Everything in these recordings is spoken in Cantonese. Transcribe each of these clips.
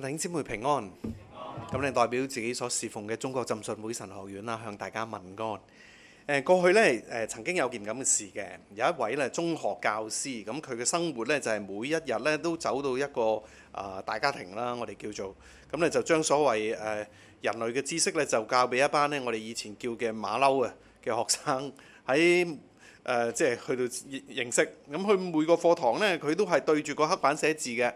弟兄姊妹平安，咁你代表自己所侍奉嘅中國浸信會神學院啦，向大家問安。誒，過去咧誒、呃、曾經有件咁嘅事嘅，有一位咧中學教師，咁佢嘅生活咧就係、是、每一日咧都走到一個啊、呃、大家庭啦，我哋叫做，咁咧就將所謂誒、呃、人類嘅知識咧就教俾一班咧我哋以前叫嘅馬騮啊嘅學生喺誒、呃、即係去到認識，咁佢每個課堂咧佢都係對住個黑板寫字嘅。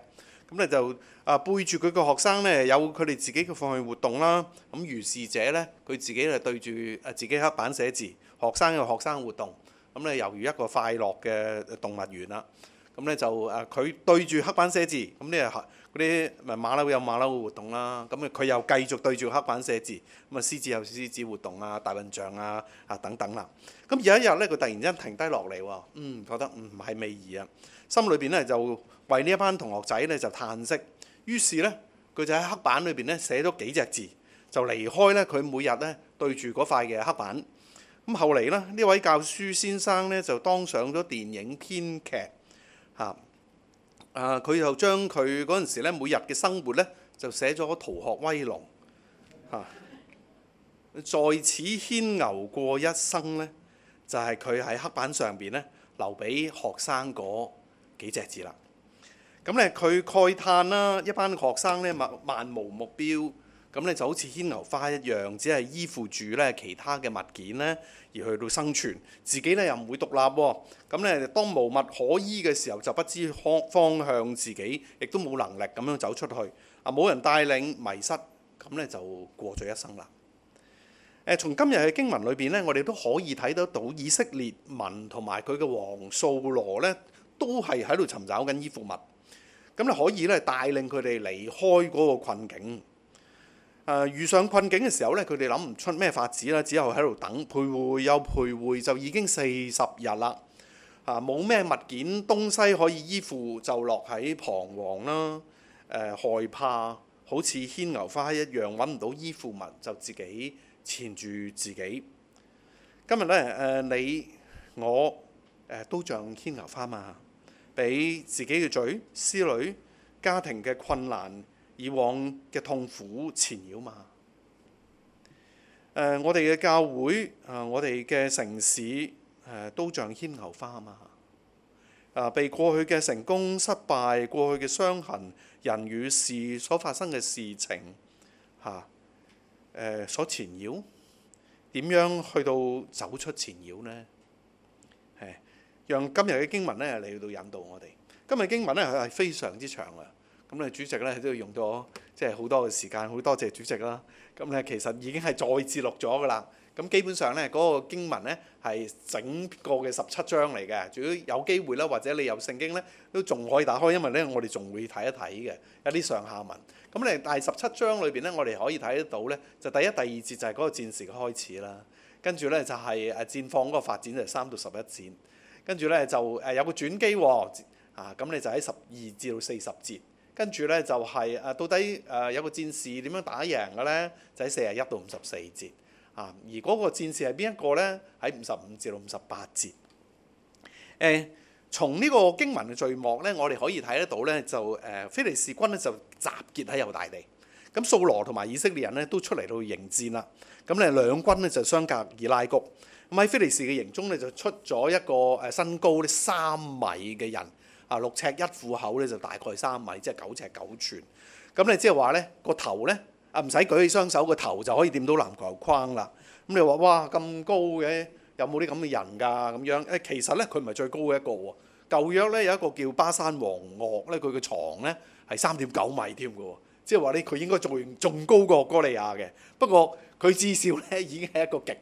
咁咧就啊背住佢個學生咧，有佢哋自己嘅課外活動啦。咁如是者咧，佢自己咧對住啊自己黑板寫字。學生嘅學生活動，咁咧猶如一個快樂嘅動物園啦。咁咧就啊佢對住黑板寫字，咁咧啊嗰啲咪馬騮有馬騮嘅活動啦。咁啊佢又繼續對住黑板寫字。咁啊獅子有獅子活動啊，大笨象啊啊等等啦。咁有一日咧，佢突然之間停低落嚟喎，嗯，覺得唔係味兒啊，心裏邊咧就，為呢一班同學仔咧就嘆息，於是咧佢就喺黑板裏邊咧寫咗幾隻字，就離開咧。佢每日咧對住嗰塊嘅黑板咁後嚟呢，呢位教書先生咧就當上咗電影編劇嚇啊！佢就將佢嗰陣時咧每日嘅生活咧就寫咗《逃學威龍》嚇，在此牽牛過一生咧，就係佢喺黑板上邊咧留俾學生嗰幾隻字啦。咁咧，佢慨嘆啦，一班學生咧，萬萬無目標。咁咧就好似牽牛花一樣，只係依附住咧其他嘅物件咧而去到生存，自己咧又唔會獨立、啊。咁咧，當無物可依嘅時候，就不知方向自己，亦都冇能力咁樣走出去。啊，冇人帶領，迷失咁咧就過咗一生啦。誒，從今日嘅經文裏邊咧，我哋都可以睇得到以色列民同埋佢嘅王掃羅咧，都係喺度尋找緊依附物。咁你可以咧帶領佢哋離開嗰個困境。誒、呃、遇上困境嘅時候咧，佢哋諗唔出咩法子啦，只有喺度等，徘徊又徘徊，就已經四十日啦。嚇、啊，冇咩物件東西可以依附，就落喺彷徨啦。誒、呃、害怕，好似牽牛花一樣，揾唔到依附物就自己纏住自己。今日咧誒你我誒、呃、都像牽牛花嘛。俾自己嘅嘴、思慮、家庭嘅困難、以往嘅痛苦纏繞嘛？呃、我哋嘅教會啊、呃，我哋嘅城市、呃、都像牽牛花啊嘛，被、呃、過去嘅成功失敗、過去嘅傷痕、人與事所發生嘅事情嚇、啊呃、所纏繞，點樣去到走出纏繞呢？係。讓今日嘅經文咧嚟到引導我哋。今日經文咧係非常之長啊！咁你主席咧都要用咗即係好多嘅時間，好多謝主席啦。咁咧其實已經係再節錄咗㗎啦。咁基本上咧嗰個經文咧係整個嘅十七章嚟嘅。如果有機會啦，或者你有聖經咧，都仲可以打開，因為咧我哋仲會睇一睇嘅一啲上下文。咁你第十七章裏邊咧，我哋可以睇得到咧，就第一第二節就係嗰個戰事嘅開始啦。跟住咧就係誒戰況嗰個發展就，就係三到十一節，跟住咧就誒有個轉機喎，啊咁你就喺十二至到四十節，跟住咧就係誒到底誒有個戰士點樣打贏嘅咧，就喺四十一到五十四節，啊而嗰個戰士係邊一個咧？喺五十五至到五十八節。誒、呃，從呢個經文嘅序幕咧，我哋可以睇得到咧，就誒非利士軍咧就集結喺猶大地，咁掃羅同埋以色列人咧都出嚟到迎戰啦，咁你兩軍咧就相隔以拉谷。喺非利士嘅營中咧就出咗一個誒身高呢三米嘅人啊，六尺一虎口咧就大概三米，即係九尺九寸。咁你即係話咧個頭咧，啊唔使舉起雙手，個頭就可以掂到籃球框啦。咁你話哇，咁高嘅，有冇啲咁嘅人㗎？咁樣誒，其實咧佢唔係最高嘅一個喎，舊約咧有一個叫巴珊王噩咧，佢嘅床咧係三點九米添㗎喎。即係話咧佢應該仲仲高過歌利亞嘅，不過佢至少咧已經係一個極。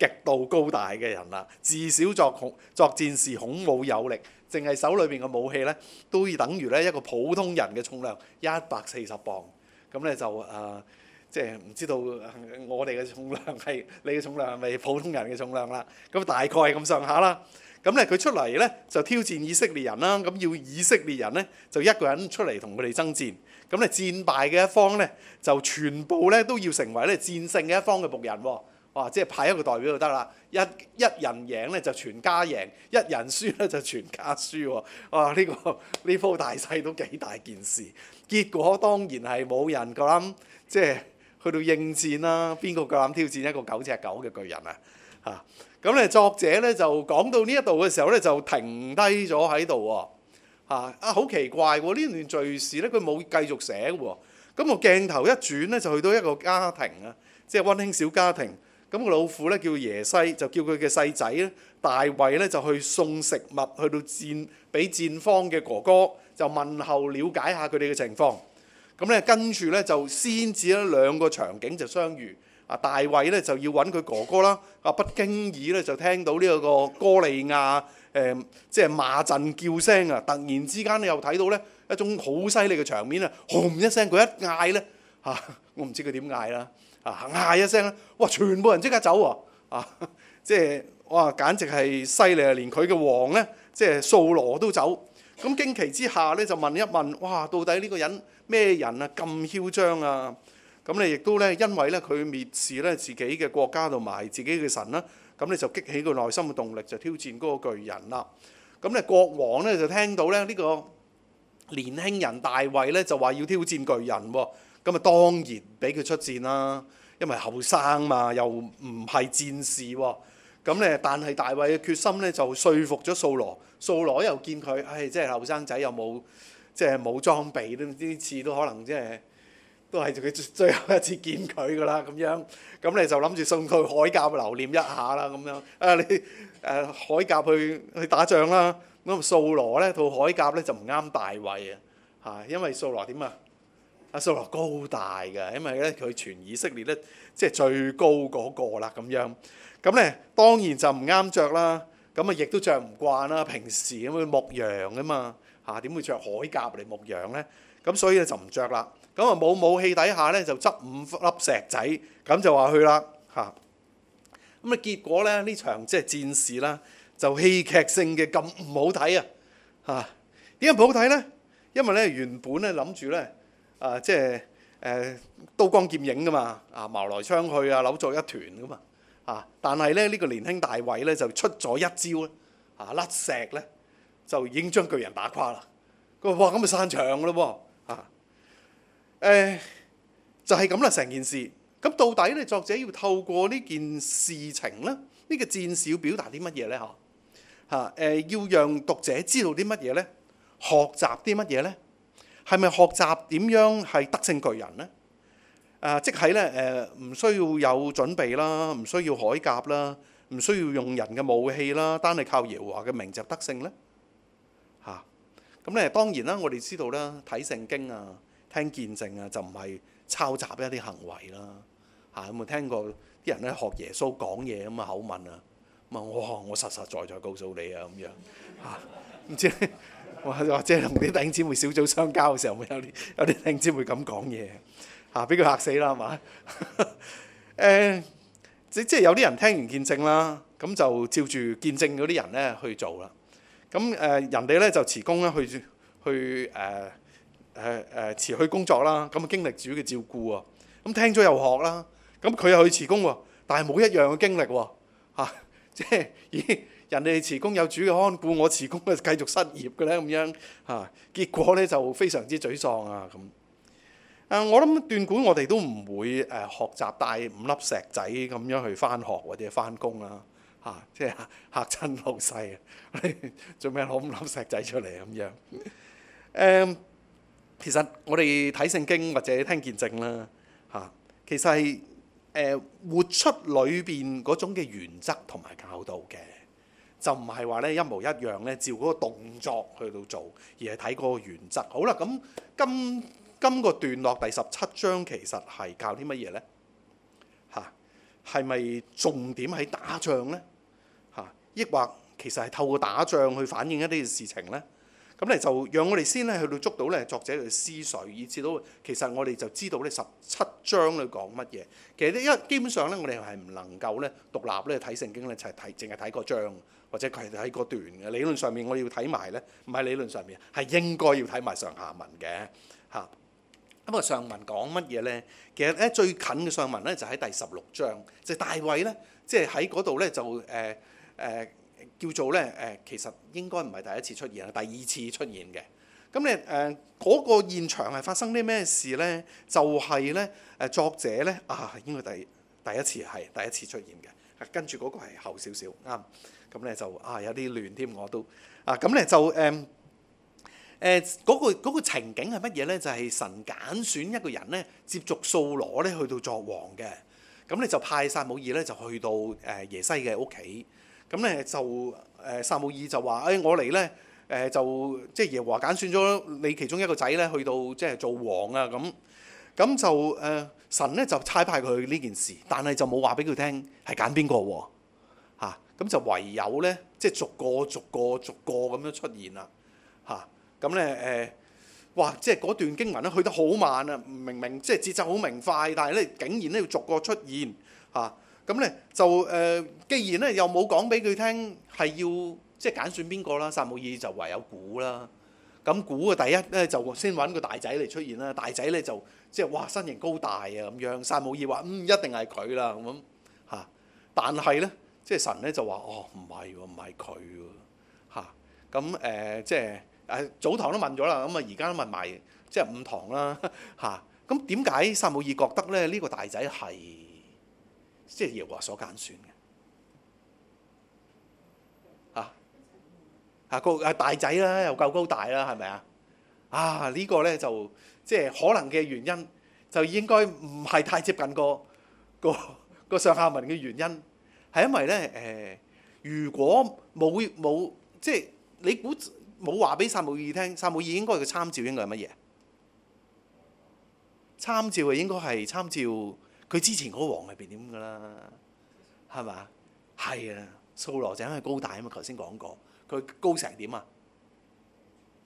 極度高大嘅人啦，至少作恐作戰時勇武有力，淨係手裏邊嘅武器呢，都要等於呢一個普通人嘅重量一百四十磅。咁咧就誒，即係唔知道我哋嘅重量係你嘅重量係咪普通人嘅重量啦？咁大概係咁上下啦。咁咧佢出嚟呢，就挑戰以色列人啦，咁要以色列人呢，就一個人出嚟同佢哋爭戰。咁你戰敗嘅一方呢，就全部呢，都要成為咧戰勝嘅一方嘅僕人喎。哇！即係派一個代表就得啦，一一人贏咧就全家贏，一人輸咧就全家輸喎、哦。哇！呢、這個呢鋪大細都幾大件事，結果當然係冇人夠膽即係去到應戰啦、啊。邊個夠膽挑戰一個九尺九嘅巨人啊？嚇、啊！咁、嗯、咧作者咧就講到呢一度嘅時候咧就停低咗喺度喎。啊好、啊、奇怪喎、哦，呢段敘事咧佢冇繼續寫喎、哦。咁個鏡頭一轉咧就去到一個家庭啊，即係溫馨小家庭。咁個老父咧叫耶西，就叫佢嘅細仔咧，大衛咧就去送食物去到戰，俾戰方嘅哥哥就問候了解下佢哋嘅情況。咁咧跟住咧就先至咧兩個場景就相遇。啊，大衛咧就要揾佢哥哥啦。啊，不經意咧就聽到呢個個歌利亞誒，即係罵陣叫聲啊！突然之間你又睇到咧一種好犀利嘅場面啊！轟一聲，佢一嗌咧嚇，我唔知佢點嗌啦。啊嗌一聲咧，哇！全部人即刻走喎、啊！啊，即、就、係、是、哇，簡直係犀利啊！連佢嘅王呢，即係掃羅都走。咁驚奇之下呢，就問一問：哇，到底呢個人咩人啊？咁囂張啊！咁你亦都呢，因為呢，佢蔑視呢自己嘅國家同埋自己嘅神啦、啊。咁你就激起佢內心嘅動力，就挑戰嗰個巨人啦、啊。咁你國王呢，就聽到咧呢個年輕人大衛呢，就話要挑戰巨人喎、啊。咁啊當然俾佢出戰啦，因為後生嘛，又唔係戰士喎。咁咧，但係大衛嘅決心咧就説服咗掃羅。掃羅又見佢，唉、哎，即係後生仔又冇，即係冇裝備，呢次都可能即係都係佢最後一次見佢噶啦咁樣。咁你就諗住送佢盔甲留念一下啦咁樣。啊，你誒、啊、盔甲去去打仗啦。咁掃羅咧套盔甲咧就唔啱大衛啊嚇，因為掃羅點啊？阿掃羅高大嘅，因為咧佢全以色列咧即係最高嗰個啦咁樣。咁咧當然就唔啱着啦，咁啊亦都着唔慣啦。平時咁去牧羊啊嘛，吓，點會着鎧甲嚟牧羊咧？咁所以咧就唔着啦。咁啊冇武器底下咧就執五粒石仔，咁就話去啦嚇。咁啊結果咧呢場即係戰事啦，就戲劇性嘅咁唔好睇啊吓，點解唔好睇咧？因為咧原本咧諗住咧。啊，即係誒、呃、刀光劍影噶嘛，啊矛來槍去啊，扭作一團噶嘛，啊！但係咧呢、這個年輕大衛咧就出咗一招咧，啊甩石咧就已經將巨人打垮啦。佢話：哇，咁咪散場咯噃、啊，啊誒、啊、就係咁啦成件事。咁、啊、到底咧作者要透過呢件事情咧，呢、這個戰士要表達啲乜嘢咧？嚇嚇誒要讓讀者知道啲乜嘢咧？學習啲乜嘢咧？係咪學習點樣係得勝巨人呢？啊、即係咧誒，唔、呃、需要有準備啦，唔需要鎧甲啦，唔需要用人嘅武器啦，單係靠耶和華嘅名就得勝呢？嚇、啊！咁、嗯、咧當然啦，我哋知道啦，睇聖經啊、聽見證啊，就唔係抄襲一啲行為啦。嚇、啊！有冇聽過啲人咧學耶穌講嘢咁嘅口吻啊？咁啊，我我實實在在，在告訴你啊，咁樣嚇唔知？ 或者同啲弟兄姊妹小組相交嘅時候，有啲有啲弟兄姊妹咁講嘢，嚇俾佢嚇死啦，係嘛？誒、 欸，即即有啲人聽完見證啦，咁就照住見證嗰啲人咧去做啦。咁誒、呃，人哋咧就辭工啦，去去誒誒誒辭去工作啦。咁經歷主嘅照顧喎，咁、嗯、聽咗又學啦。咁佢又去辭工喎，但係冇一樣嘅經歷喎、啊，即係咦？人哋辭工有主嘅看顧，我辭工嘅繼續失業嘅咧，咁樣嚇、啊。結果咧就非常之沮喪啊咁啊！我諗斷估我哋都唔會誒學習帶五粒石仔咁樣去返學或者返工啦吓，即係嚇親老細做咩攞五粒石仔出嚟咁樣誒、啊？其實我哋睇聖經或者聽見證啦嚇、啊，其實係誒、啊、活出裏邊嗰種嘅原則同埋教導嘅。就唔係話咧一模一樣咧，照嗰個動作去到做，而係睇嗰個原則。好啦，咁今今個段落第十七章其實係教啲乜嘢呢？嚇，係咪重點喺打仗呢？嚇、啊，抑或其實係透過打仗去反映一啲事情呢？咁咧就讓我哋先咧去到捉到咧作者嘅思緒，以至到其實我哋就知道呢十七章去講乜嘢。其實咧，因為基本上咧，我哋係唔能夠咧獨立咧睇聖經咧，就係睇淨係睇個章。或者佢哋喺個段理論上面，我要睇埋咧，唔係理論上面，係應該要睇埋上下文嘅嚇。咁啊，上文講乜嘢咧？其實咧最近嘅上文咧就喺第十六章，就大衛咧，即係喺嗰度咧就誒、誒、誒、呃呃、叫做咧誒、呃，其實應該唔係第一次出現啦，第二次出現嘅。咁咧誒嗰個現場係發生啲咩事咧？就係咧誒作者咧啊，應該第第一次係第一次出現嘅，跟住嗰個係後少少啱。咁咧就啊有啲亂添我都啊咁咧就誒誒嗰個嗰個情景係乜嘢咧？就係、是、神揀選，選一個人咧接續掃羅咧去到作王嘅，咁咧就派撒母耳咧就去到誒、呃、耶西嘅屋企，咁咧就誒撒母耳就話：誒、哎、我嚟咧誒就即係、就是、耶和華揀選咗你其中一個仔咧去到即係、就是、做王啊咁。咁就誒、呃、神咧就差派佢呢件事，但係就冇話俾佢聽係揀邊個喎。咁就唯有咧，即、就、係、是、逐個、逐個、逐個咁樣出現啦，嚇咁咧誒，哇！即係嗰段經文咧，去得好慢啊，明明即係節奏好明快，但係咧竟然咧要逐個出現嚇，咁、啊、咧就誒、呃，既然咧又冇講俾佢聽係要即係揀選邊個啦，撒母耳就唯有估啦，咁、啊、估嘅第一咧就先搵個大仔嚟出現啦，大仔咧就即係哇身形高大啊咁樣，撒母耳話：嗯，一定係佢啦咁嚇，但係咧。即係神咧就話：哦，唔係喎，唔係佢喎，嚇咁誒，即係誒早堂都問咗啦，咁啊而家都問埋即係五堂啦，吓、啊，咁點解撒母耳覺得咧呢個大仔係即係耶和華所揀選嘅嚇啊高啊、那個、大仔啦、啊，又夠高大啦，係咪啊？啊、這、呢個咧就即係、就是、可能嘅原，原因，就應該唔係太接近個個個上下文嘅原因。係因為咧、呃，如果冇冇即係你估冇話俾撒母耳聽，撒母耳應該嘅參照應該係乜嘢？參照啊，應該係參照佢之前嗰個王裏邊點㗎啦？係嘛？係啊，掃羅就係高大啊嘛！頭先講過，佢高成點啊？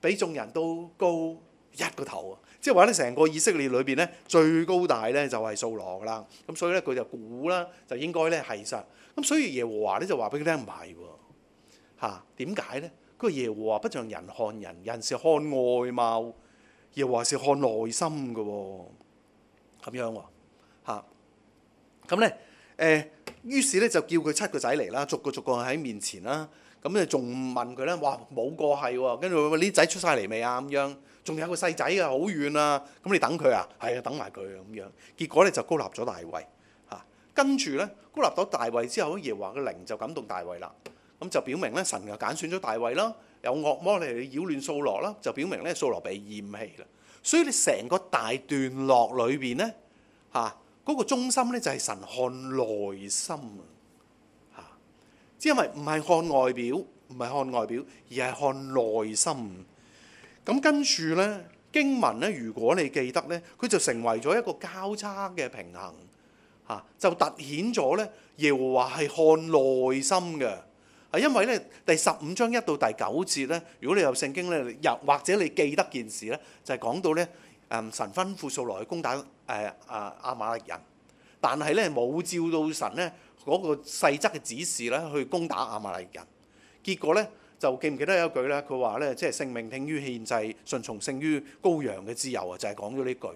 比眾人都高一個頭啊！即係話咧，成個以色列裏邊咧最高大咧就係掃羅㗎啦。咁所以咧佢就估啦，就應該咧係實。咁所以耶和華咧就話俾佢聽唔係喎，嚇點解咧？佢話、那個、耶和華不像人看人，人是看外貌，耶和華是看內心噶喎、啊，咁樣喎、啊，咁咧誒，於是咧就叫佢七個仔嚟啦，逐個逐個喺面前啦，咁咧仲問佢咧，哇冇個係喎，跟住你啲仔出晒嚟未啊？咁樣，仲有，有個細仔㗎，好遠啊，咁你等佢啊？係啊，等埋佢咁樣、啊，結果咧就膏立咗大衛。跟住咧，孤立咗大衛之後，耶和華嘅靈就感動大衛啦。咁就表明咧，神又揀選咗大衛啦。有惡魔嚟擾亂掃羅啦，就表明咧掃羅被厭棄啦。所以你成個大段落裏邊咧，嚇嗰個中心咧就係神看內心啊！嚇，因為唔係看外表，唔係看外表，而係看內心。咁跟住咧，經文咧，如果你記得咧，佢就成為咗一個交叉嘅平衡。嚇就突顯咗咧，耶和華係看內心嘅，係因為咧第十五章一到第九節咧，如果你有聖經咧，又或者你記得件事咧，就係講到咧，誒神吩咐掃羅去攻打誒啊亞瑪力人，但係咧冇照到神咧嗰個細則嘅指示咧去攻打亞瑪力人，結果咧就記唔記得有一句咧，佢話咧即係聽命勝於獻祭，順從勝於公羊嘅脂油啊，就係講咗呢句。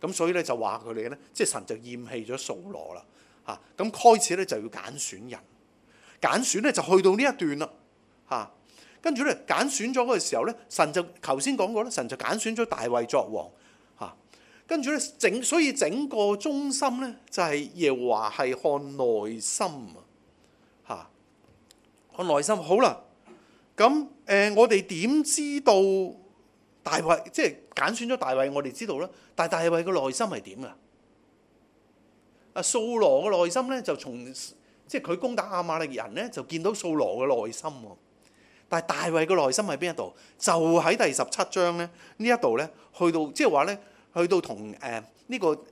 咁所以咧就話佢哋咧，即係神就厭棄咗掃羅啦，嚇！咁開始咧就要揀選人，揀選咧就去到呢一段啦，嚇！跟住咧揀選咗嗰個時候咧，神就頭先講過咧，神就揀選咗大衛作王，嚇！跟住咧整，所以整個中心咧就係耶和華係看內心啊，嚇！看內心好啦，咁誒、呃、我哋點知道？大衞即係簡算揀選咗大衞，我哋知道啦。但係大衞個內心係點噶？阿掃羅個內心咧就從即係佢攻打阿瑪力人咧，就見到掃羅個內心。但係大衞個內心喺邊一度？就喺第十七章咧呢一度咧，去到即係話咧，去到同誒呢個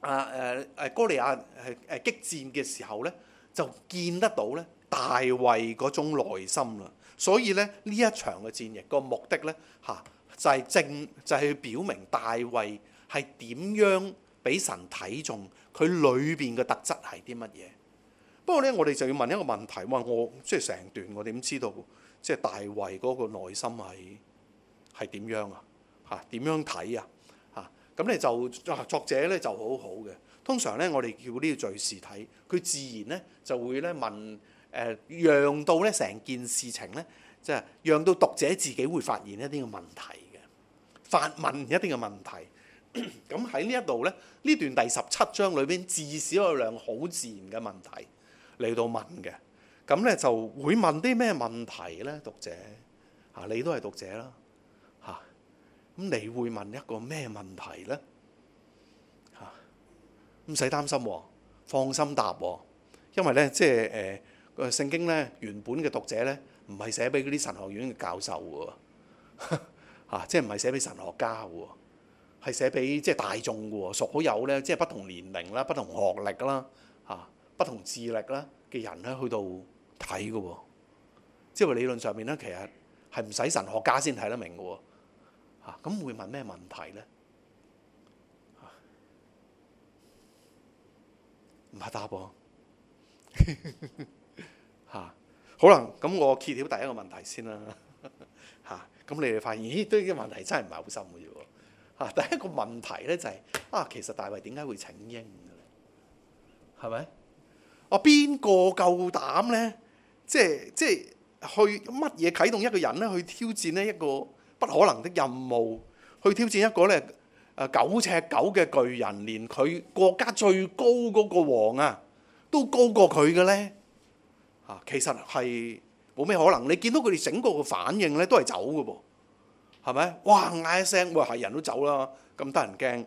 啊誒誒哥利亞誒誒、呃、激戰嘅時候咧，就見得到咧大衞嗰種內心啦。所以咧呢一場嘅戰役個目的咧，嚇就係正就係要表明大衛係點樣俾神睇中佢裏面嘅特質係啲乜嘢？不過咧我哋就要問一個問題我，哇！我即係成段我點知道即係大衛嗰個內心係係點樣啊？嚇，點樣睇啊？嚇咁咧就作者咧就好好嘅。通常咧我哋叫呢個敘事體，佢自然咧就會咧問。誒讓到咧成件事情咧，即係讓到讀者自己會發現一啲嘅問題嘅，發問一啲嘅問題。咁喺呢一度咧，呢段第十七章裏邊至少有兩好自然嘅問題嚟到問嘅。咁咧就會問啲咩問題咧？讀者,讀者啊，你都係讀者啦，嚇咁你會問一個咩問題咧？嚇唔使擔心、啊，放心答、啊，因為咧即係誒。呃個聖經呢原本嘅讀者呢，唔係寫俾嗰啲神學院嘅教授喎，即係唔係寫俾神學家喎，係寫俾即係大眾喎，所有呢，即係不同年齡啦、不同學歷啦、嚇、不同智力啦嘅人呢，去到睇嘅喎，即係理論上面呢，其實係唔使神學家先睇得明嘅喎，咁會問咩問題呢？唔怕答啵？ 嚇，啊、好啦，咁我揭曉第一個問題先啦。嚇、啊，咁你哋發現，咦，呢啲問題真係唔係好深嘅啫喎。嚇、啊，第一個問題咧就係、是，啊，其實大衛點解會請纓嘅咧？係咪吧？啊，邊個夠膽咧？即係即係去乜嘢啟動一個人咧？去挑戰咧一個不可能的任務，去挑戰一個咧誒九尺九嘅巨人，連佢國家最高嗰個王啊，都高過佢嘅咧？嚇，其實係冇咩可能。你見到佢哋整個個反應咧，都係走嘅噃，係咪？哇！嗌一聲，哇、哎、係人都走啦，咁得人驚。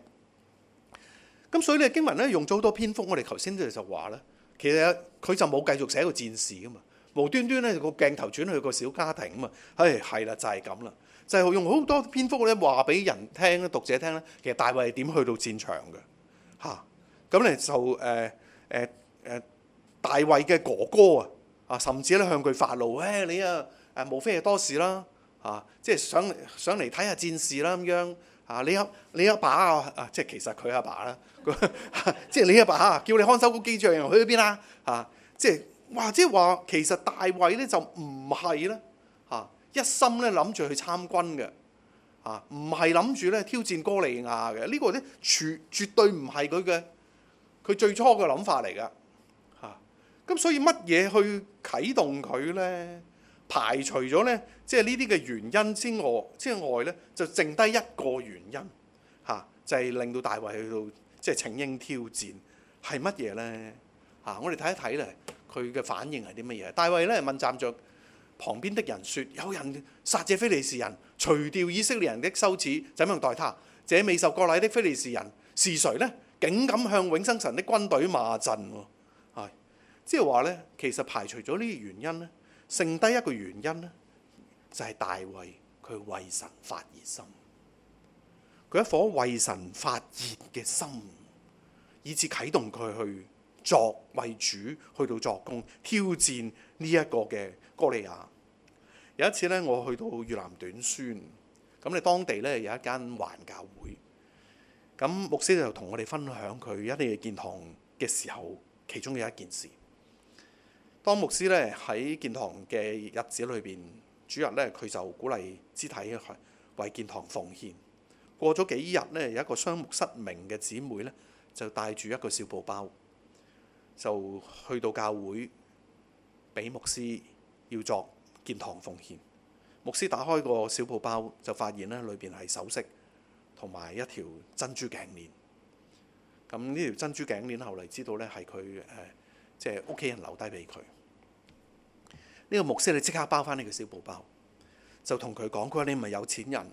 咁所以咧，經文咧用咗好多篇幅。我哋頭先就就話咧，其實佢就冇繼續寫個戰事嘅嘛，無端端咧個鏡頭轉去個小家庭啊嘛。唉、哎，係啦，就係咁啦，就係、用好多篇幅咧話俾人聽咧讀者聽咧，其實大衛點去到戰場嘅吓，咁咧就誒誒誒大衛嘅哥哥啊。啊，甚至咧向佢發怒，誒、哎、你啊誒，無非係多事啦，啊，即係上上嚟睇下戰事啦咁樣，啊你阿、啊、你阿爸啊，即係其實佢阿爸啦，他 即係你阿爸叫你看守嗰機長又去咗邊啦，啊，即係哇，即係話其實大衛咧就唔係咧，啊一心咧諗住去參軍嘅，啊唔係諗住咧挑戰哥利亞嘅，呢、這個咧絕絕對唔係佢嘅佢最初嘅諗法嚟㗎。咁所以乜嘢去啟動佢呢？排除咗呢，即係呢啲嘅原因之外之外呢，就剩低一個原因嚇，就係令到大衛去到，即係請纓挑戰係乜嘢呢？嚇，我哋睇一睇咧，佢嘅反應係啲乜嘢？大衛咧問站着旁邊的人說：有人殺這非利士人，除掉以色列人的羞恥，怎樣待他？這未受過禮的非利士人是誰呢？竟敢向永生神的軍隊罵陣。即係話咧，其實排除咗呢個原因咧，剩低一個原因咧，就係、是、大衛佢為神發熱心，佢一顆為神發熱嘅心，以致啟動佢去作為主去到作工挑戰呢一個嘅哥利亞。有一次咧，我去到越南短宣，咁你當地咧有一間環教會，咁牧師就同我哋分享佢一啲建堂嘅時候，其中嘅一件事。當牧師咧喺建堂嘅日子裏邊，主日咧佢就鼓勵肢體為建堂奉獻。過咗幾日咧，有一個雙目失明嘅姊妹咧，就帶住一個小布包，就去到教會俾牧師要作建堂奉獻。牧師打開個小布包，就發現咧裏邊係首飾同埋一條珍珠頸鏈。咁呢條珍珠頸鏈後嚟知道咧係佢誒。即係屋企人留低俾佢，呢個牧師你即刻包翻你個小布包，就同佢講：佢話你唔係有錢人，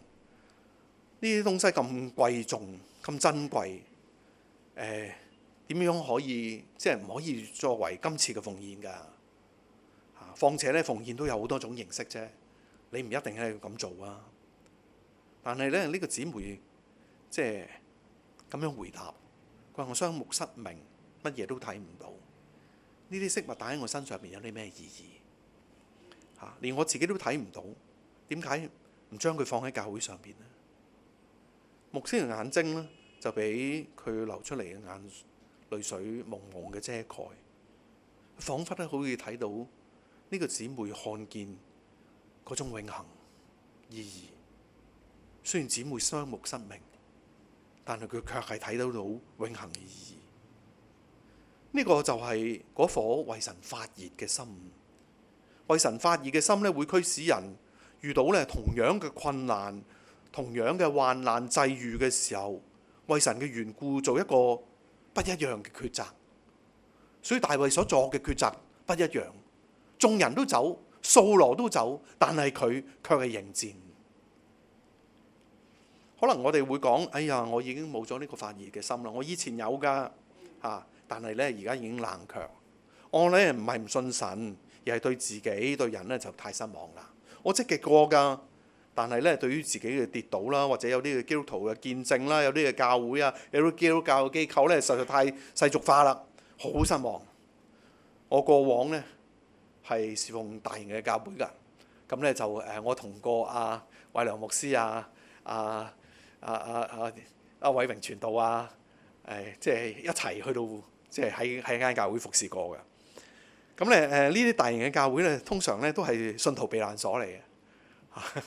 呢啲東西咁貴重、咁珍貴，誒點樣可以即係唔可以作為今次嘅奉獻㗎？啊，況且咧奉獻都有好多種形式啫，你唔一定係咁做啊。但係咧呢個姊妹即係咁樣回答：佢話我雙目失明，乜嘢都睇唔到。呢啲飾物戴喺我身上面有啲咩意義？嚇，連我自己都睇唔到，點解唔將佢放喺教會上邊咧？牧師嘅眼睛呢，就俾佢流出嚟嘅眼淚水蒙蒙嘅遮蓋，彷彿咧可以睇到呢個姊妹看見嗰種永恆意義。雖然姊妹雙目失明，但係佢卻係睇到到永恆意義。呢個就係嗰顆為神發熱嘅心，為神發熱嘅心咧，會驅使人遇到咧同樣嘅困難、同樣嘅患難際遇嘅時候，為神嘅緣故做一個不一樣嘅抉擇。所以大衛所作嘅抉擇不一樣，眾人都走，掃羅都走，但係佢卻係迎戰。可能我哋會講：哎呀，我已經冇咗呢個發熱嘅心啦，我以前有㗎，嚇、啊。但係咧，而家已經冷強。我咧唔係唔信神，而係對自己對人咧就太失望啦。我積極過㗎，但係咧對於自己嘅跌倒啦，或者有啲嘅基督徒嘅見證啦，有啲嘅教會啊，有啲基督教嘅機構咧，實在太世俗化啦，好失望。我過往咧係侍奉大型嘅教會㗎，咁咧就誒、呃、我同過阿偉良牧師啊、阿阿阿阿阿偉榮傳道啊，誒即係一齊去到。即係喺喺間教會服侍過嘅，咁咧誒呢啲大型嘅教會咧，通常咧都係信徒避難所嚟嘅。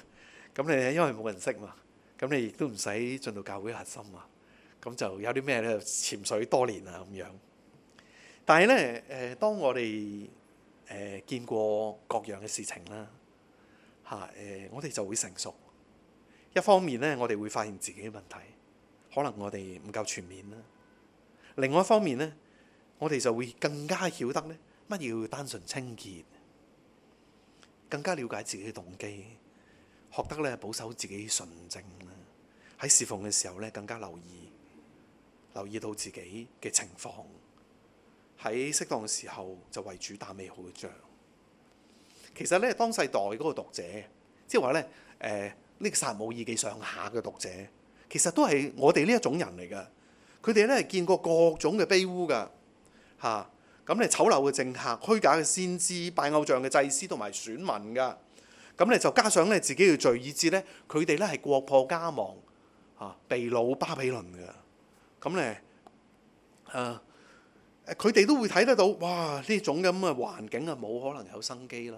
咁你因為冇人識嘛，咁你亦都唔使進到教會核心啊。咁就有啲咩咧潛水多年啊咁樣。但係咧誒，當我哋誒見過各樣嘅事情啦，嚇誒，我哋就會成熟。一方面咧，我哋會發現自己嘅問題，可能我哋唔夠全面啦。另外一方面咧。我哋就會更加曉得咧乜嘢要單純清潔，更加了解自己嘅動機，學得咧保守自己純正啦。喺侍奉嘅時候咧，更加留意留意到自己嘅情況，喺適當嘅時候就為主打美好嘅仗。其實咧，當世代嗰個讀者，即係話咧誒呢個撒母耳記上下嘅讀者，其實都係我哋呢一種人嚟㗎。佢哋咧見過各種嘅卑污㗎。咁、啊、你醜陋嘅政客、虛假嘅先知、拜偶像嘅祭司同埋選民噶，咁咧就加上咧自己嘅罪以至呢，以致咧佢哋咧係國破家亡，被、啊、擄巴比倫㗎。咁咧佢哋都會睇得到，哇！呢種咁嘅環境啊，冇可能有生機啦。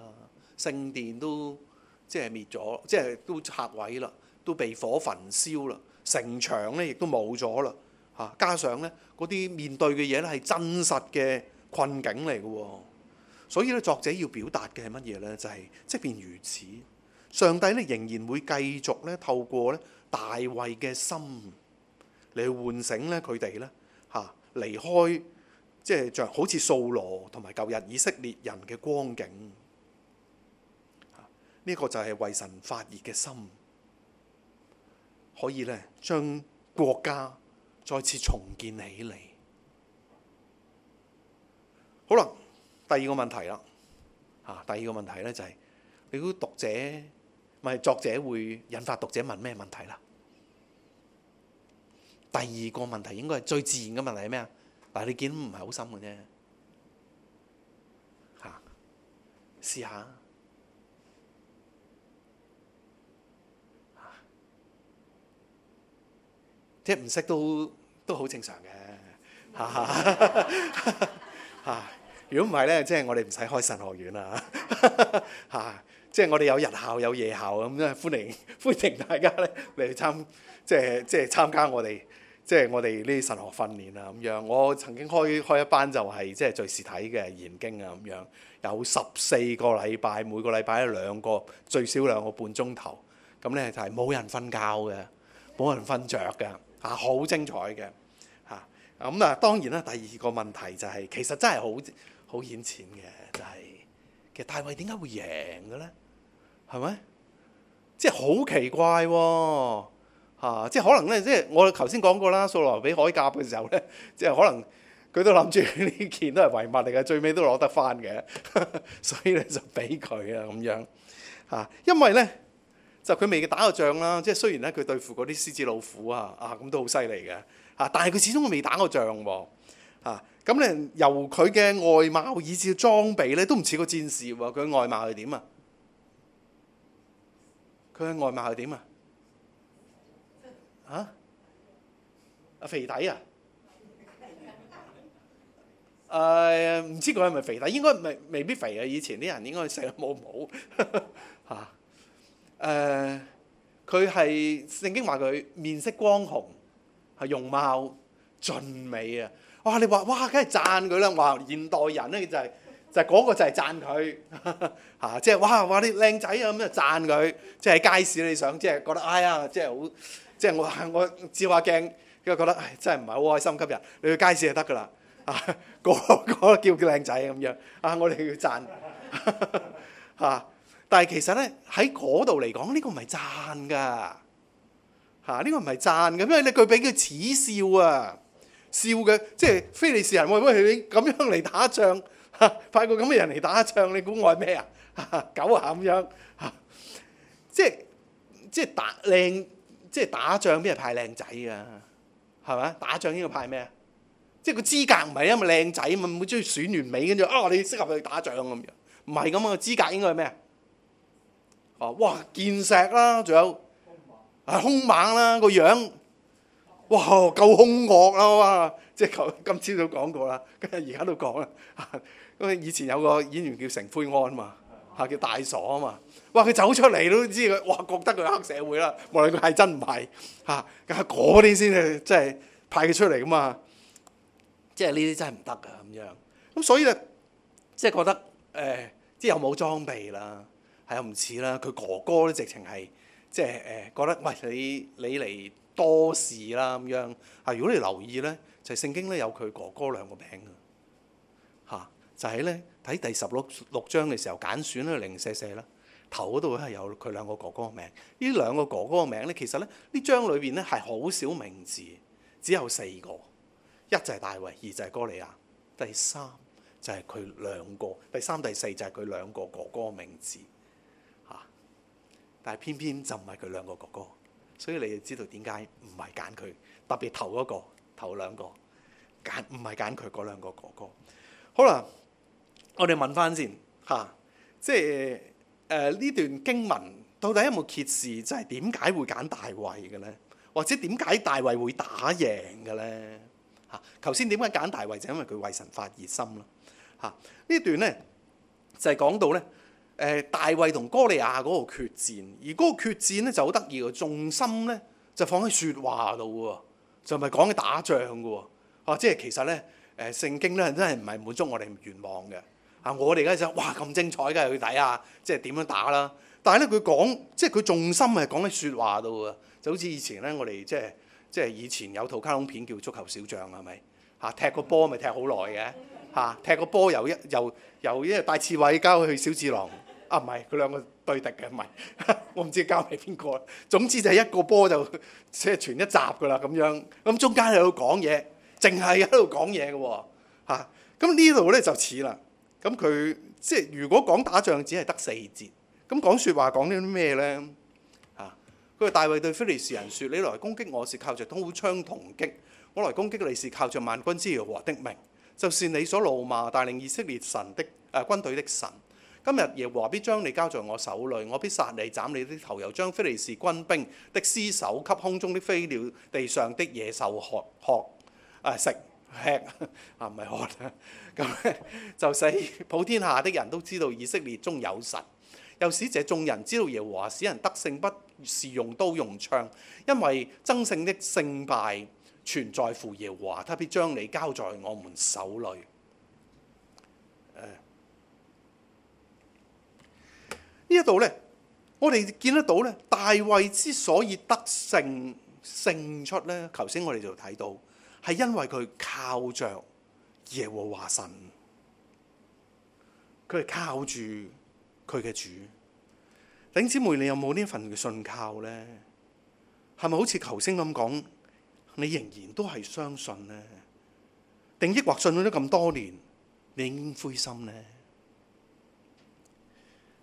聖殿都即係滅咗，即係都拆毀啦，都被火焚燒啦，城牆咧亦都冇咗啦。啊！加上咧，嗰啲面對嘅嘢咧係真實嘅困境嚟嘅，所以咧作者要表達嘅係乜嘢咧？就係、是、即便如此，上帝咧仍然會繼續咧透過咧大衛嘅心嚟去喚醒咧佢哋咧嚇離開，即係像好似掃羅同埋舊日以色列人嘅光景。呢個就係為神發熱嘅心，可以咧將國家。再次重建起嚟。好啦，第二個問題啦，吓、啊，第二個問題咧就係、是、你估讀者唔係作者會引發讀者問咩問題啦？第二個問題應該係最自然嘅問題，係咩啊？嗱，你見唔係好深嘅啫，吓，試下。即係唔識都都好正常嘅，嚇嚇嚇，如果唔係咧，即、啊、係、啊就是、我哋唔使開神學院啦嚇、啊啊！即係我哋有日校有夜校咁咧，歡迎歡迎大家咧嚟參即係即係參加我哋即係我哋呢啲神學訓練啊咁樣。我曾經開開一班就係、是、即係最時睇嘅研經啊咁樣，有十四個禮拜，每個禮拜有兩個最少兩個半鐘頭，咁咧就係冇人瞓覺嘅，冇人瞓着㗎。啊，好精彩嘅嚇！咁啊，啊，當然啦，第二個問題就係、是、其實真係好好顯淺嘅，就係、是、其實大衛點解會贏嘅咧？係咪？即係好奇怪喎、哦啊！即係可能咧，即係我頭先講過啦，數羅比海格掃羅俾鎧甲嘅時候咧，即係可能佢都諗住呢件都係遺物嚟嘅，最尾都攞得翻嘅，所以咧就俾佢啊咁樣嚇，因為咧。就佢未打過仗啦，即係雖然咧佢對付嗰啲獅子老虎啊也很啊咁都好犀利嘅嚇，但係佢始終未打過仗喎嚇。咁咧由佢嘅外貌以至裝備咧都唔似個戰士喎。佢外貌係點啊？佢嘅外貌係點啊？嚇？肥底啊？誒唔、 啊、知佢係咪肥底，應該未未必肥啊。以前啲人應該細個冇毛嚇。呵呵啊誒，佢係聖經話佢面色光紅，係容貌俊美啊！哇，你話哇，梗係讚佢啦！話現代人咧就係就係嗰個就係讚佢嚇，即係哇哇啲靚仔啊咁就讚佢，即係街市你想即係覺得哎呀，即係好即係我我照下鏡，因為覺得唉，真係唔係好開心今日，你去街市就得噶啦啊，嗰個、嗰個叫靚仔咁樣啊，我哋要讚嚇。啊啊但係其實咧喺嗰度嚟講呢講，這個唔係讚噶吓，呢、啊這個唔係讚咁，因為佢俾佢恥笑啊，笑嘅即係非利士人喂，你咁樣嚟打仗，啊、派個咁嘅人嚟打仗，你估我係咩啊？狗啊咁樣吓，即係即係打靚，即係打，打仗邊係派靚仔噶，係咪打仗應該派咩啊？即係個資格唔係啊嘛，靚仔嘛，唔會中意選完美跟住你適合去打仗咁樣，唔係咁啊，資格應該係咩啊？啊！哇，健碩啦，仲有係兇猛啦個樣，哇，夠兇惡啦！哇，即係頭今朝都講過啦，跟住而家都講啦。因為以前有個演員叫成奎安嘛，嚇叫大傻啊嘛，哇！佢走出嚟都知佢，哇！覺得佢係黑社會啦，無論佢係真唔係嚇，梗係嗰啲先係即係派佢出嚟噶嘛。即係呢啲真係唔得噶咁樣，咁所以咧，即係覺得誒，即係有冇裝備啦。係又唔似啦，佢哥哥咧直情係即係誒覺得喂你你嚟多事啦咁樣啊！如果你留意咧，就係、聖經咧有佢哥哥兩個名嘅嚇、啊，就係咧睇第十六六章嘅時候揀選啦，零零四四啦頭嗰度咧係有佢兩個哥哥嘅名。呢兩個哥哥嘅名咧，其實咧呢章裏邊咧係好少名字，只有四個，一就係大衛，二就係哥利亞，第三就係佢兩個，第三第四就係佢兩個哥哥嘅名字。但係偏偏就唔係佢兩個哥哥，所以你哋知道點解唔係揀佢？特別頭嗰個、頭兩個揀，唔係揀佢嗰兩個哥哥。好啦，我哋問翻先嚇，即係誒呢段經文到底有冇揭示，就係點解會揀大衛嘅咧？或者點解大衛會打贏嘅咧？嚇、啊，頭先點解揀大衛就因為佢為神發熱心咯。嚇、啊，段呢段咧就係、是、講到咧。誒、呃、大衛同哥利亞嗰個決戰，而嗰個決戰咧就好得意喎，重心咧就放喺説話度喎，就唔係講緊打仗噶喎、啊，即係其實咧誒、呃、聖經咧真係唔係滿足我哋願望嘅，啊，我哋咧就哇咁精彩梗係去睇下，即係點樣打啦，但係咧佢講即係佢重心係講喺説話度㗎，就好似以前咧我哋即係即係以前有套卡通片叫足球小將係咪？嚇，踢個波咪踢好耐嘅嚇，踢個波、啊、由一由由一戴志偉交去小志強。啊，唔係佢兩個對敵嘅，唔係， 我唔知交俾邊個。總之就係一個波就即係傳一集噶啦咁樣。咁中間喺度講嘢，淨係喺度講嘢嘅喎。嚇、啊，咁呢度咧就似啦。咁佢即係如果講打仗，只係得四節。咁講説話講啲咩咧？吓、啊，佢大衛對非利士人説：你來攻擊我是靠著刀槍銅戟，我來攻擊你是靠著萬軍之耶和華的名。」就是你所怒罵帶領以色列神的誒、呃、軍隊的神。今日耶和華必將你交在我手裏，我必殺你、斬你啲頭，又將非利士軍兵的屍首給空中的飛鳥、地上的野獸喝。學啊食吃啊唔係學啊！咁、啊啊、就使普天下的人都知道以色列中有神，又使這眾人知道耶和華使人得勝，不是用刀用槍，因為爭勝的勝敗全在乎耶和華，他必將你交在我們手裏。呢一度咧，我哋見得到咧，大衛之所以得勝勝出咧，頭先我哋就睇到，係因為佢靠着耶和華神，佢係靠住佢嘅主。弟兄姊妹，你有冇呢份嘅信靠咧？係咪好似頭先咁講？你仍然都係相信咧？定抑或信咗咁多年，你已經灰心咧？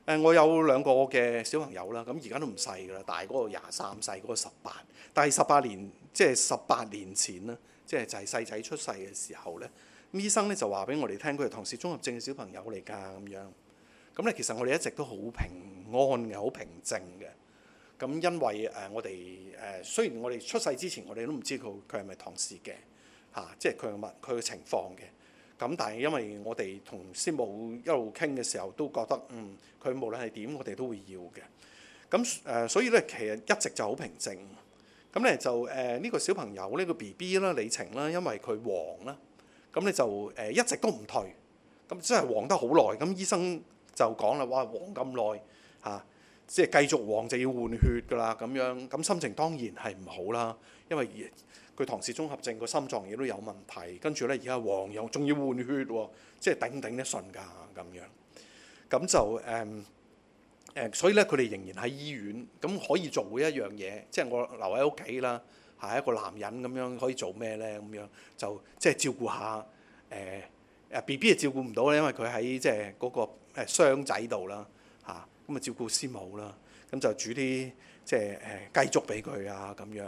誒，我有兩個嘅小朋友啦，咁而家都唔細噶啦，大嗰個廿三，細嗰個十八，但係十八年，即係十八年前啦，即係就係細仔出世嘅時候咧，醫生咧就話俾我哋聽，佢係唐氏綜合症嘅小朋友嚟㗎，咁樣，咁咧其實我哋一直都好平安嘅，好平靜嘅，咁因為誒我哋誒雖然我哋出世之前我哋都唔知佢佢係咪唐氏嘅，嚇，即係佢問佢嘅情況嘅。咁但係因為我哋同師母一路傾嘅時候，都覺得嗯，佢無論係點，我哋都會要嘅。咁誒、呃，所以咧，其實一直就好平靜。咁咧就誒，呢、呃呢個小朋友呢、呢個 B B 啦，李晴啦，因為佢黃啦，咁咧就誒、呃、一直都唔退，咁即係黃得好耐。咁醫生就講啦，哇，黃咁耐嚇，即係繼續黃就要換血㗎啦，咁樣。咁心情當然係唔好啦，因為。佢唐氏綜合症，個心臟亦都有問題，跟住咧而家黃又仲要換血喎、哦，即係頂頂一瞬㗎咁樣，咁就誒誒、嗯嗯，所以咧佢哋仍然喺醫院，咁可以做一樣嘢，即係我留喺屋企啦，係一個男人咁樣可以做咩咧咁樣，就即係照顧下誒誒 B B，照顧唔到咧，因為佢喺即係嗰個誒箱仔度啦嚇，咁啊就照顧師母啦，咁就煮啲。即係誒雞粥俾佢啊，咁樣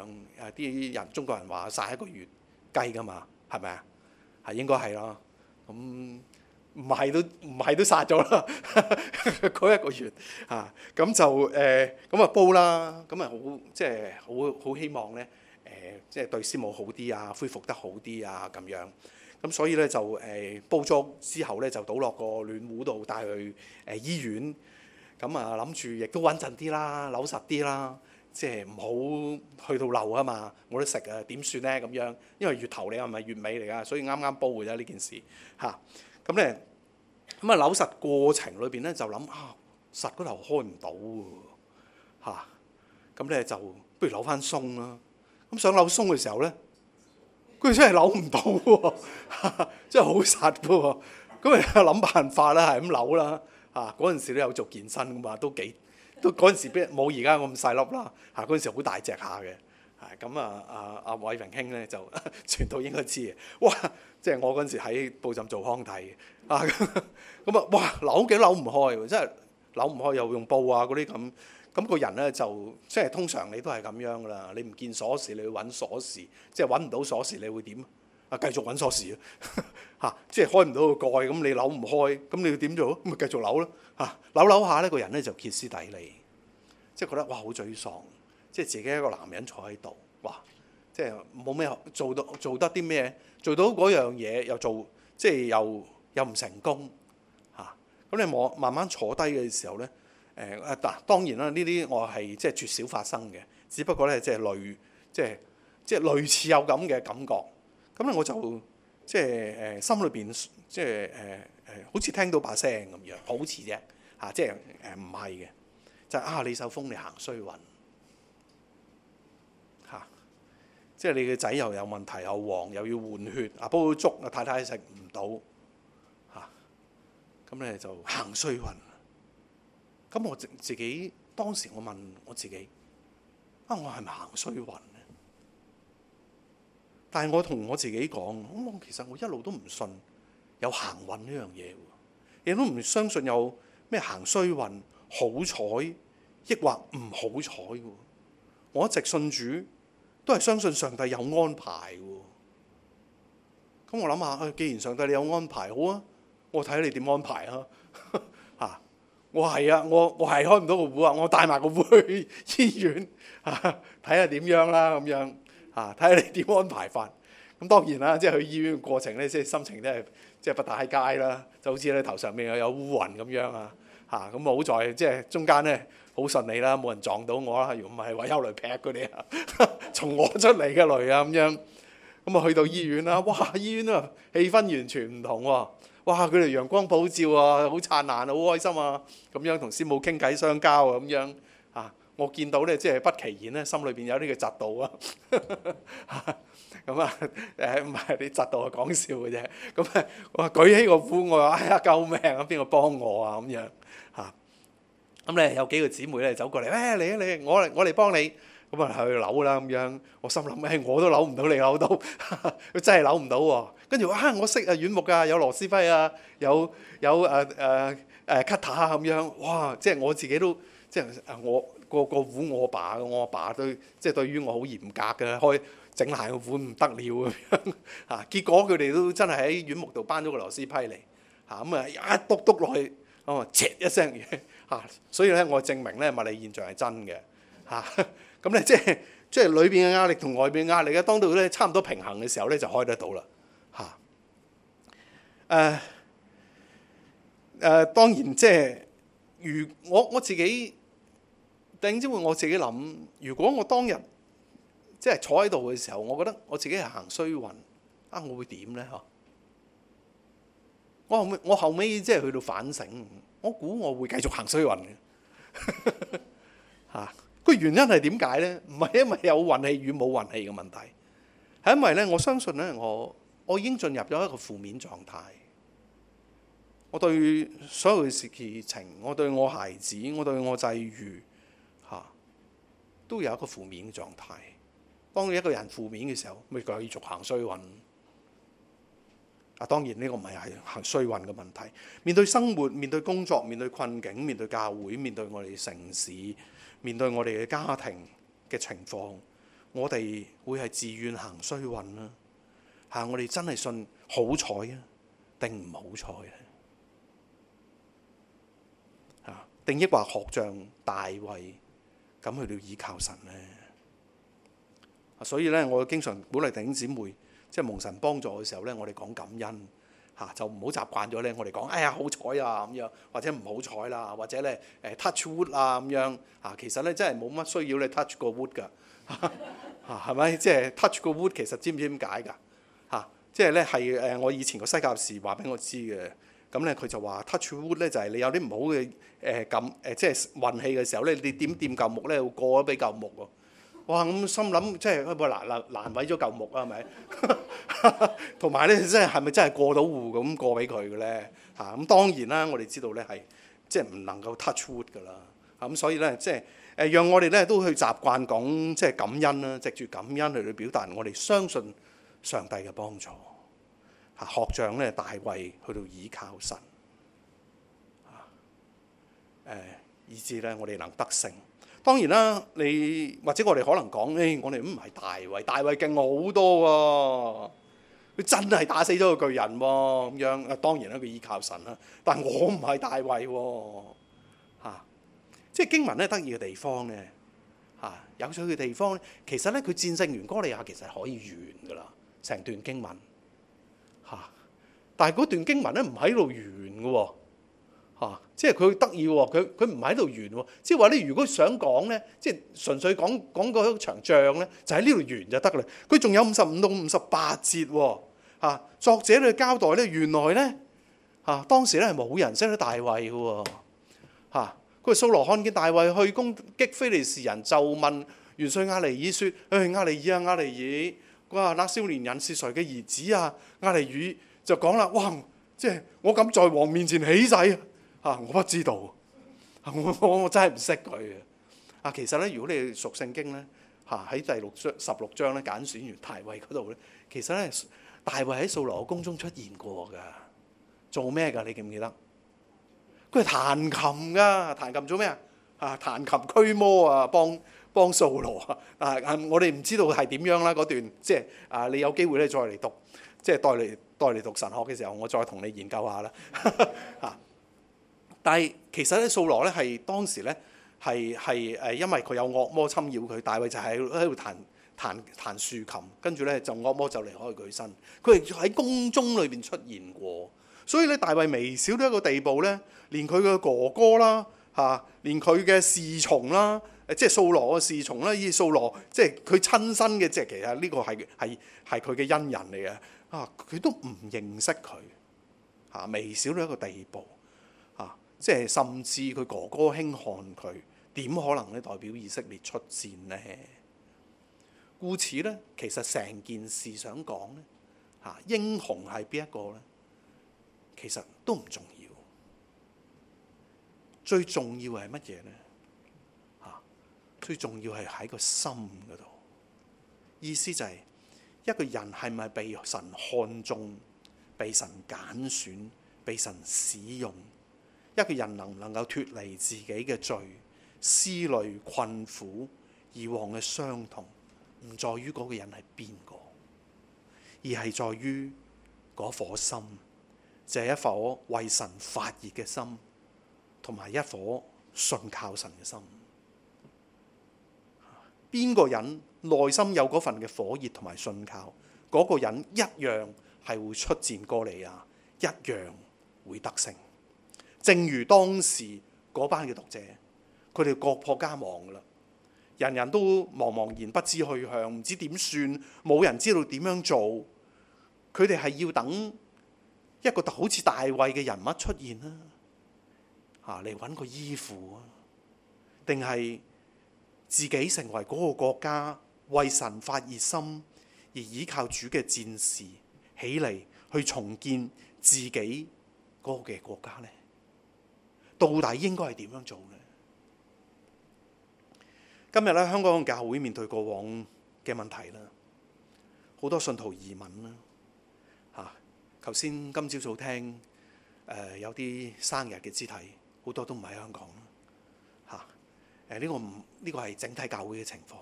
誒啲、啊、人中國人話殺一個月雞噶嘛，係咪啊？係應該係咯。咁唔係都唔係都殺咗啦，嗰一個月啊。咁就誒咁啊煲啦，咁啊好即係、就是、好好希望咧誒，即、呃、係、就是、對師母好啲啊，恢復得好啲啊，咁樣。咁、嗯、所以咧就誒、呃、煲粥之後咧就倒落個暖舖度暖壺，帶去誒、呃、醫院。咁啊，諗住亦都穩陣啲啦，扭實啲啦，即係唔好去到漏啊嘛！我都食啊，點算咧咁樣？因為月頭你又咪月尾嚟噶？所以啱啱煲嘅啫呢件事嚇。咁、啊、咧，咁、嗯、啊、嗯、扭實過程裏邊咧就諗啊，實嗰頭開唔到喎嚇。咁、啊、咧、嗯嗯、就不如扭翻鬆啦。咁、啊、想扭鬆嘅時候咧，居然真係扭唔到喎，真係好實嘅喎。咁啊諗、嗯、辦法啦，係咁扭啦。嚇，嗰陣時都有做健身噶嘛，都幾都嗰陣時邊冇而家咁細粒啦嚇，嗰、啊、陣時好大隻下嘅嚇。咁啊啊啊偉榮興咧就全島應該知嘅，哇即係、就是、我嗰陣時喺布站做康體嘅啊。咁啊哇扭幾扭唔開喎，真係扭唔開又用布啊嗰啲，咁咁個人咧就即係通常你都係咁樣噶啦，你唔見鎖匙你去揾鎖匙，即係揾唔到鎖匙你會點？啊！繼續揾鎖匙啊！嚇，即係開唔到個蓋，咁你扭唔開，咁你點做？咁咪繼續扭咯嚇。扭扭下呢個人咧就歇斯底里，即係覺得哇好沮喪，即係自己一個男人坐喺度哇，即係冇咩做到做得啲咩做到嗰樣嘢又做，即係又又唔成功嚇。咁、啊、你望慢慢坐低嘅時候咧，誒啊嗱，當然啦，呢啲我係即係絕少發生嘅，只不過咧即係類即係即係類似有咁嘅感覺。咁咧我就即係誒心裏邊即係誒誒，好似聽到把聲咁樣，好似啫嚇，即係誒唔係嘅，就係呃就係、啊李秀峯你行衰運嚇、啊，即係你嘅仔又有問題又黃，又要換血啊煲粥啊太太食唔到嚇，咁、啊、咧就行衰運。咁我自己當時我問我自己啊，我係咪行衰運？但係我同我自己講，咁我其實我一路都唔信有行運呢樣嘢，亦都唔相信有咩行衰運好彩，抑或唔好彩。我一直信主，都係相信上帝有安排。咁我諗下，既然上帝你有安排，好啊，我睇你點安排啊。嚇！ 我係啊，我我係開唔到個會，我帶埋個會去醫院嚇，睇下點樣啦咁樣。啊！睇下你點安排法咁、啊、當然啦，即係去醫院嘅過程咧，即係心情都係，即係不太佳啦，就好似你頭上面又有烏雲咁樣啊！嚇咁啊，嗯、好在即係中間咧好順利啦，冇人撞到我啦，如果唔係話有雷劈嗰啲啊， 從我出嚟嘅雷啊咁樣，咁、嗯、啊去到醫院啦，哇！醫院啊氣氛完全唔同喎、啊，哇！佢哋陽光普照啊，好燦爛啊，好開心啊，咁樣同師母傾偈相交啊咁樣。我見到咧，即係不其然咧，心裏邊有呢個嫉妒啊！咁啊，誒唔係你嫉妒啊，講笑嘅啫。咁啊，我舉起個斧，我話：哎呀，救命啊！邊個幫我啊？咁樣嚇。咁咧有幾個姊妹咧走過嚟，誒嚟啊你，我嚟我嚟幫你。咁啊去扭啦咁樣。我心諗誒，我都扭唔到，你扭到，佢、uh, 真係扭唔到喎。跟住啊，啊，啊，啊，我識啊軟木㗎，有螺絲批啊，有有誒誒誒 cutter 啊咁樣。哇！即係我自己都即係啊我。個個碗，我爸嘅，我阿爸對即係、就是、對於我好嚴格嘅，開整爛個碗唔得了咁樣嚇。結果佢哋都真係喺軟木度扳咗個螺絲批嚟嚇，咁啊一篤篤落去，咁啊切一聲嚇。所以咧，我證明咧物理現象係真嘅嚇。咁咧即係即係裏邊嘅壓力同外邊嘅壓力咧，當到咧差唔多平衡嘅時候咧，就開得到啦嚇。誒、啊、誒、啊，當然即、就、係、是、如我我自己。定之會，我自己諗，如果我當日即係坐喺度嘅時候，我覺得我自己係行衰運啊！我會點呢？嗬？我後尾我後尾即係去到反省，我估我會繼續行衰運嘅嚇。個、 啊、原因係點解呢？唔係因為有運氣與冇運氣嘅問題，係因為呢，我相信呢，我我已經進入咗一個負面狀態。我對所有嘅事情，我對我孩子，我對我際遇，都有一個負面嘅狀態。當你一個人負面嘅時候，咪繼續行衰運。啊，當然呢個唔係係行衰運嘅問題。面對生活、面對工作、面對困境、面對教會、面對我哋城市、面對我哋嘅家庭嘅情況，我哋會係自願行衰運啦。嚇！我哋真係信好彩啊，定唔好彩啊？定抑或學像大衛？咁佢哋依靠神咧，所以咧我經常鼓勵弟兄姊妹，即係蒙神幫助嘅時候咧，我哋講感恩嚇，就唔好習慣咗咧，我哋講，哎呀好彩啊咁樣，或者唔好彩啦，或者咧誒 touch wood 啊咁樣嚇，其實咧真係冇乜需要咧 touch 個 wood 㗎嚇，係咪？即係 touch 個 wood 其實知唔知點解㗎嚇？即係咧係誒我以前個西教士話俾我知嘅。咁咧佢就話 touch wood 咧就係你有啲唔好嘅誒感誒即係運氣嘅時候咧，你點掂嚿木咧會過咗俾嚿木喎。哇！咁、嗯、心諗即係會唔會難難為咗嚿木是是 是是啊？係咪？同埋咧，即係係咪真係過到戶咁過俾佢嘅咧？嚇咁當然啦，我哋知道咧係即係唔能夠 touch wood 㗎啦。嚇、嗯、咁所以咧即係誒讓我哋咧都去習慣講即係感恩啦，藉住感恩嚟表達我哋相信上帝嘅幫助。啊，學長咧，大衛去到倚靠神，啊，誒，以至咧，我哋能得勝。當然啦，你或者我哋可能講，誒、哎，我哋唔係大衛，大衛勁好多喎、啊，佢真係打死咗個巨人喎、啊。咁樣啊，當然啦，佢依靠神啦、啊，但係我唔係大衛喎、啊啊，即係經文咧得意嘅地方咧，嚇、啊、有趣嘅地方咧，其實咧佢戰勝完歌利亞，其實係可以完㗎啦，成段經文。但係嗰段經文咧唔喺度完嘅喎、啊，即係佢得意喎，佢佢唔喺度完喎，即係話咧，如果想講咧，即係純粹講講嗰場仗咧，就喺呢度完就得嘅啦。佢仲有五十五到五十八節喎，作者嘅交代咧，原來咧，嚇、啊、當時咧係冇人識得大衛嘅喎，佢佢掃羅看見大衛去攻擊非利士人，就問元帥押尼珥說：，唉，押尼珥，押尼珥，哇那少年人是誰嘅兒子啊？押尼珥就講啦，哇！即係我敢在王面前起誓啊！嚇，我不知道，我我我真係唔識佢啊！其實咧，如果你熟聖經咧，嚇、啊、喺第六章十六章咧，揀選完大衛嗰度咧，其實咧大衛喺掃羅嘅宮中出現過㗎，做咩㗎？你記唔記得？佢係彈琴㗎，彈琴做咩啊？嚇，彈琴驅魔啊，幫幫掃羅啊！啊我哋唔知道係點樣啦，嗰段即係啊，你有機會咧再嚟讀，即係代嚟。待你讀神學嘅時候，我再同你研究下啦。嚇！ 但係其實咧，掃羅咧係當時咧係係誒，因為佢有惡魔侵擾佢，大衛就係喺度彈彈彈豎琴，跟住咧就惡魔就離開佢身。佢係喺宮中裏邊出現過，所以咧大衛微小到一個地步咧，連佢嘅哥哥啦嚇，連佢嘅侍從啦，即係掃羅嘅侍從啦，而掃羅即係佢親身嘅，即係其實呢個係係係佢嘅恩人嚟嘅。啊！佢都唔認識佢，嚇、啊、微小到一個地步，嚇、啊、即係甚至佢哥哥輕看佢，點可能咧代表以色列出戰呢？故此咧，其實成件事想講咧，嚇、啊、英雄係邊一個咧？其實都唔重要，最重要係乜嘢咧？嚇、啊、最重要係喺個心嗰度，意思就係、是。一個人係咪被神看中、被神揀選、被神使用？一個人能唔能夠脫離自己嘅罪、思慮、困苦、以往嘅傷痛，唔在於嗰個人係邊個，而係在於嗰顆心，就係、是、一顆為神發熱嘅心，同埋一顆信靠神嘅心。邊個人？內心有嗰份嘅火熱同埋信靠，嗰個人一樣係會出戰過嚟啊，一樣會得勝。正如當時嗰班嘅讀者，佢哋國破家亡噶啦，人人都茫茫然不知去向，唔知點算，冇人知道點樣做。佢哋係要等一個好似大衛嘅人物出現啊，嚇嚟揾個依附啊，定係自己成為嗰個國家？為神發熱心而依靠主嘅戰士起嚟去重建自己嗰個嘅國家咧，到底應該係點樣做咧？今日咧，香港教會面對過往嘅問題啦，好多信徒移民啦，吓、啊，頭先今朝早聽誒、呃、有啲生日嘅肢體，好多都唔喺香港吓，誒、啊、呢、呢個唔呢、呢個係整體教會嘅情況。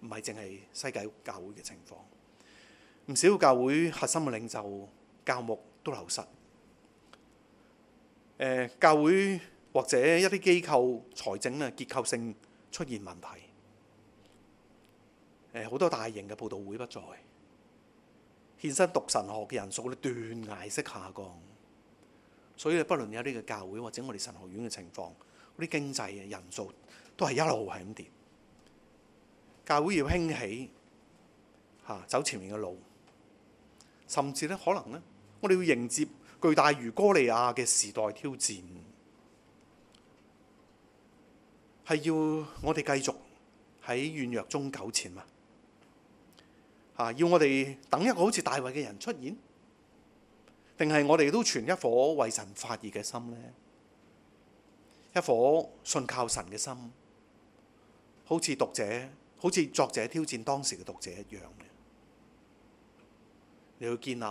唔係淨係世界教會嘅情況，唔少教會核心嘅領袖、教牧都流失。誒，教會或者一啲機構財政咧結構性出現問題。誒，好多大型嘅佈道會不在，獻身讀神學嘅人數咧斷崖式下降。所以，不論有呢個教會或者我哋神學院嘅情況，嗰啲經濟嘅人數都係一路係咁跌。教會要興起，吓，走前面嘅路，甚至咧可能咧，我哋要迎接巨大如哥利亞嘅時代挑戰，係要我哋繼續喺軟弱中糾纏嘛？吓，要我哋等一個好似大衛嘅人出現，定係我哋都存一顆為神發熱嘅心呢？一顆信靠神嘅心，好似讀者。好似作者挑戰當時嘅讀者一樣，你要建立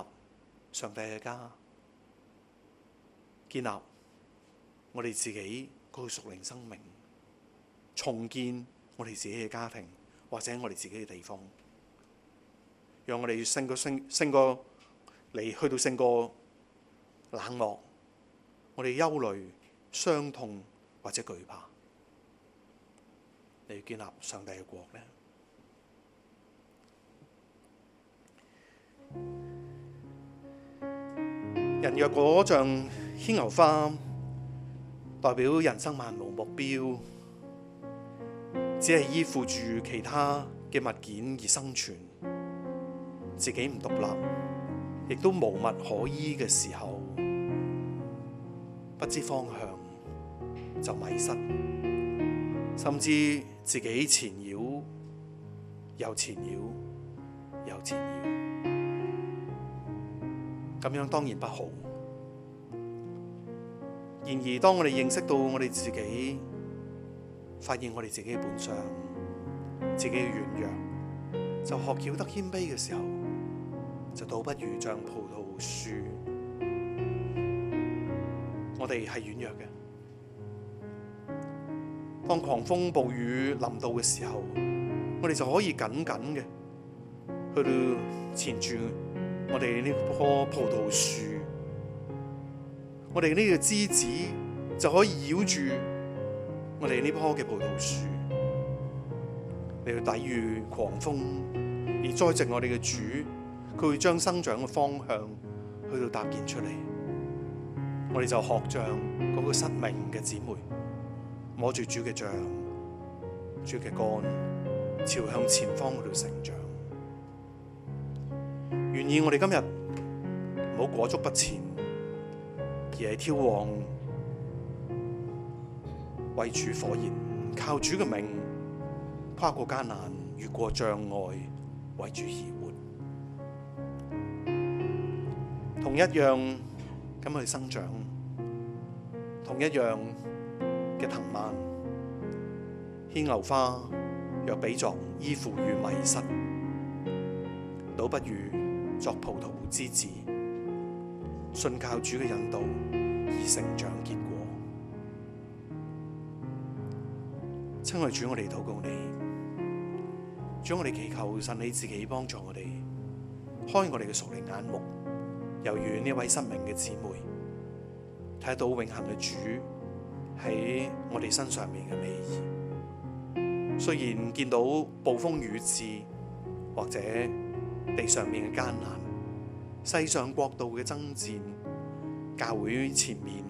上帝嘅家，建立我哋自己嗰個熟齡生命，重建我哋自己嘅家庭或者我哋自己嘅地方，讓我哋勝過勝勝過去到勝過冷漠，我哋憂慮、傷痛或者懼怕。嚟建立上帝嘅國呢。人若果像牽牛花，代表人生漫無目標，只係依附住其他嘅物件而生存，自己唔獨立，亦都無物可依嘅時候，不知方向就迷失。甚至自己纏繞又纏繞又纏繞，咁樣當然不好。然而，當我哋認識到我哋自己，發現我哋自己嘅本相，自己嘅軟弱，就學曉得謙卑嘅時候，就倒不如將葡萄樹，我哋係軟弱嘅。當狂風暴雨臨到嘅時候，我哋就可以緊緊嘅去到纏住我哋呢棵葡萄樹，我哋呢個枝子就可以繞住我哋呢棵嘅葡萄樹，嚟到抵禦狂風。而栽植我哋嘅主，佢會將生長嘅方向去到搭建出嚟。我哋就學像嗰個失明嘅姊妹。摸住主嘅杖，主嘅竿，朝向前方嗰度成長。願意我哋今日冇裹足不前，而係挑旺為主火熱，靠主嘅命跨過艱難，越過障礙，為主而活。同一樣咁去生長，同一樣。嘅藤蔓牽牛花若比作依附與迷失，倒不如作葡萄之子，信靠主嘅引導而成長結果。親愛的主，我哋禱告你，主，我哋祈求神你自己幫助我哋，開我哋嘅屬靈眼目，猶如呢位失明嘅姊妹睇到永恒嘅主。喺我哋身上面嘅美意，雖然見到暴風雨至，或者地上面嘅艱難，世上國度嘅爭戰，教會前面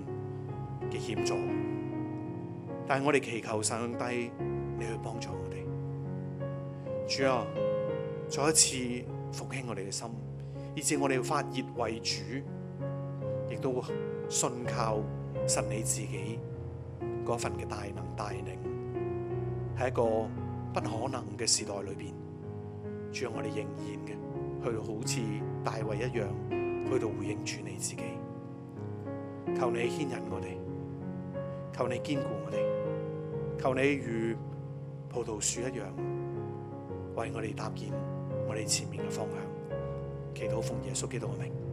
嘅險阻，但係我哋祈求上帝，你去幫助我哋。主啊，再一次復興我哋嘅心，以致我哋要發熱為主，亦都信靠神你自己。嗰份嘅大能帶領，喺一個不可能嘅時代裏邊，主我哋仍然嘅，去到好似大衛一樣，去到回應住你自己。求你牽引我哋，求你堅固我哋，求你如葡萄樹一樣，為我哋搭建我哋前面嘅方向。祈禱奉耶穌基督名。